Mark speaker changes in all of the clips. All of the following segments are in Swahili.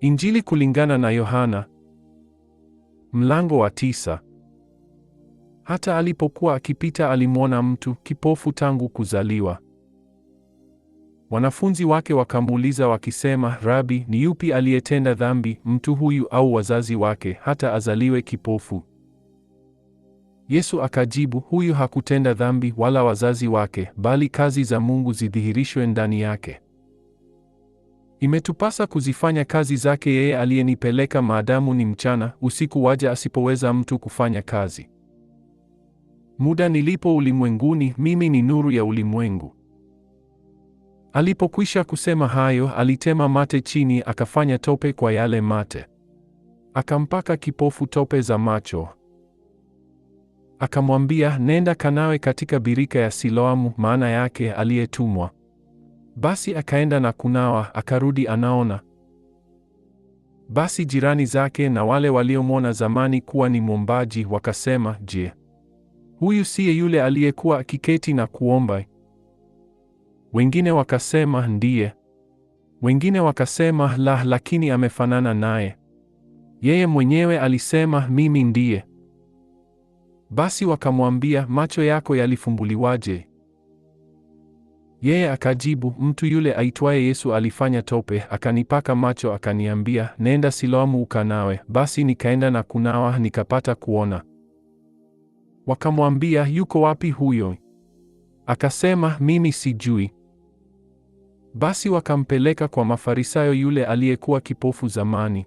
Speaker 1: Injili kulingana na Yohana mlango wa tisa. Hata alipokuwa akipita alimwona mtu kipofu tangu kuzaliwa. Wanafunzi wake wakamuuliza wakisema, Rabi, ni yupi aliyetenda dhambi, mtu huyu au wazazi wake, hata azaliwe kipofu? Yesu akajibu, huyu hakutenda dhambi wala wazazi wake, bali kazi za Mungu zidhihirishwe ndani yake. Imetupasa kuzifanya kazi zake yeye aliyenipeleka, maadamu ni mchana; usiku waja asipoweza mtu kufanya kazi. Muda nilipo ulimwenguni, mimi ni nuru ya ulimwengu. Alipokwisha kusema hayo, alitema mate chini, akafanya tope kwa yale mate, akampaka kipofu tope za macho, akamwambia, nenda kanawe katika birika ya Siloamu, maana yake aliyetumwa. Basi akaenda na kunawa, akarudi anaona. Basi jirani zake na wale waliomwona zamani kuwa ni mwombaji wakasema, Je, huyu siye yule aliyekuwa akiketi na kuomba? Wengine wakasema, ndiye. Wengine wakasema, la, lakini amefanana naye. Yeye mwenyewe alisema, mimi ndiye. Basi wakamwambia, macho yako yalifumbuliwaje? Yeye akajibu, mtu yule aitwaye Yesu alifanya tope, akanipaka macho, akaniambia, nenda Siloamu ukanawe. Basi nikaenda na kunawa, nikapata kuona. Wakamwambia, yuko wapi huyo? Akasema, mimi sijui. Basi wakampeleka kwa Mafarisayo yule aliyekuwa kipofu zamani.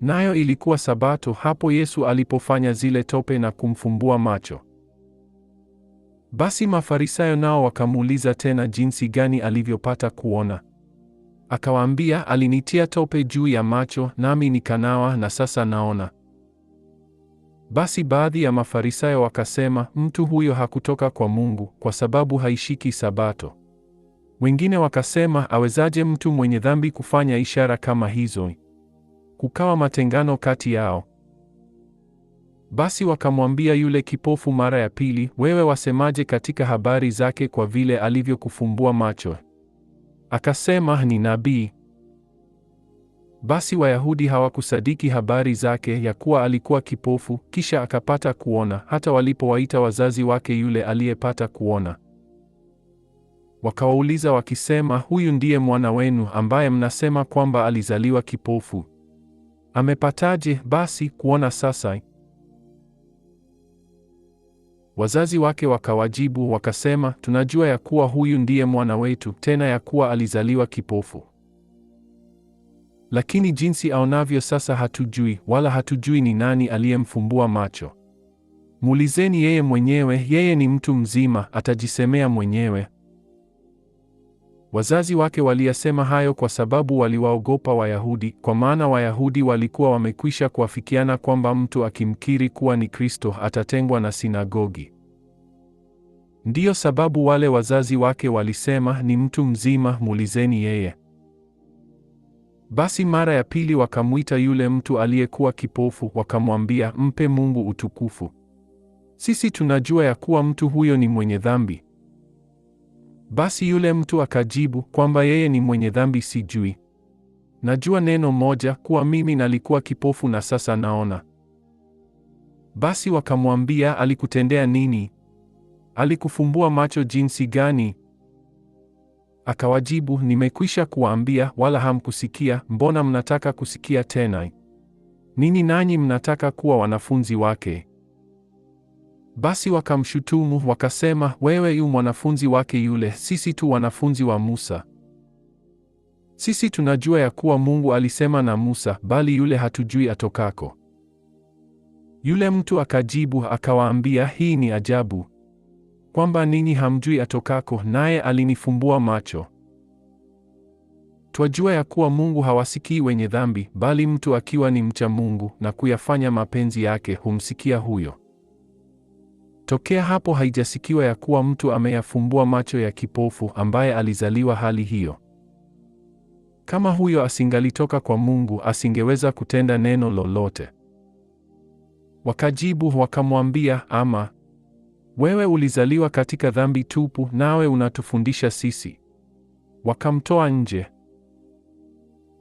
Speaker 1: Nayo ilikuwa Sabato hapo Yesu alipofanya zile tope na kumfumbua macho. Basi Mafarisayo nao wakamuuliza tena jinsi gani alivyopata kuona. Akawaambia, alinitia tope juu ya macho, nami nikanawa, na sasa naona. Basi baadhi ya Mafarisayo wakasema, mtu huyo hakutoka kwa Mungu, kwa sababu haishiki Sabato. Wengine wakasema, awezaje mtu mwenye dhambi kufanya ishara kama hizo? Kukawa matengano kati yao. Basi wakamwambia yule kipofu mara ya pili, wewe wasemaje katika habari zake kwa vile alivyokufumbua macho? Akasema, ni nabii. Basi Wayahudi hawakusadiki habari zake ya kuwa alikuwa kipofu kisha akapata kuona, hata walipowaita wazazi wake yule aliyepata kuona, wakawauliza wakisema, huyu ndiye mwana wenu ambaye mnasema kwamba alizaliwa kipofu. Amepataje basi kuona sasa? Wazazi wake wakawajibu wakasema, tunajua ya kuwa huyu ndiye mwana wetu, tena ya kuwa alizaliwa kipofu, lakini jinsi aonavyo sasa hatujui, wala hatujui ni nani aliyemfumbua macho. Muulizeni yeye mwenyewe, yeye ni mtu mzima, atajisemea mwenyewe. Wazazi wake waliyasema hayo kwa sababu waliwaogopa Wayahudi, kwa maana Wayahudi walikuwa wamekwisha kuafikiana kwamba mtu akimkiri kuwa ni Kristo atatengwa na sinagogi. Ndiyo sababu wale wazazi wake walisema, ni mtu mzima, muulizeni yeye. Basi mara ya pili wakamwita yule mtu aliyekuwa kipofu, wakamwambia, mpe Mungu utukufu. Sisi tunajua ya kuwa mtu huyo ni mwenye dhambi. Basi yule mtu akajibu kwamba yeye ni mwenye dhambi sijui. Najua neno moja, kuwa mimi nalikuwa kipofu na sasa naona. Basi wakamwambia, alikutendea nini? Alikufumbua macho jinsi gani? Akawajibu, nimekwisha kuwaambia, wala hamkusikia. Mbona mnataka kusikia tena? nini nanyi mnataka kuwa wanafunzi wake. Basi wakamshutumu wakasema, wewe yu mwanafunzi wake yule, sisi tu wanafunzi wa Musa. Sisi tunajua ya kuwa Mungu alisema na Musa, bali yule hatujui atokako. Yule mtu akajibu akawaambia, hii ni ajabu kwamba ninyi hamjui atokako, naye alinifumbua macho. Twajua ya kuwa Mungu hawasikii wenye dhambi, bali mtu akiwa ni mcha Mungu na kuyafanya mapenzi yake humsikia huyo. Tokea hapo haijasikiwa ya kuwa mtu ameyafumbua macho ya kipofu ambaye alizaliwa hali hiyo. Kama huyo asingalitoka kwa Mungu, asingeweza kutenda neno lolote. Wakajibu wakamwambia, ama wewe ulizaliwa katika dhambi tupu, nawe unatufundisha sisi? Wakamtoa nje.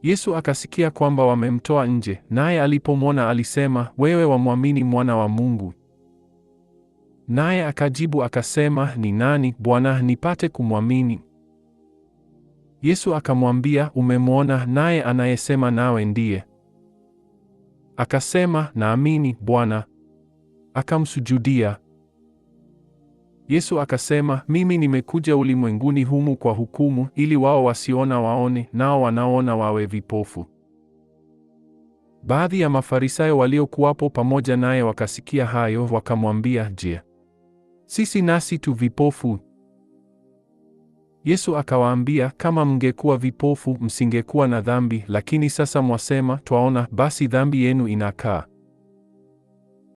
Speaker 1: Yesu akasikia kwamba wamemtoa nje, naye alipomwona alisema, wewe wamwamini mwana wa Mungu? Naye akajibu akasema, ni nani Bwana, nipate kumwamini? Yesu akamwambia, umemwona, naye anayesema nawe ndiye. Akasema, naamini Bwana. Akamsujudia. Yesu akasema, mimi nimekuja ulimwenguni humu kwa hukumu, ili wao wasiona waone, nao wanaona wawe vipofu. Baadhi ya Mafarisayo waliokuwapo pamoja naye wakasikia hayo, wakamwambia, je, sisi nasi tu vipofu? Yesu akawaambia, kama mngekuwa vipofu msingekuwa na dhambi, lakini sasa mwasema twaona, basi dhambi yenu inakaa.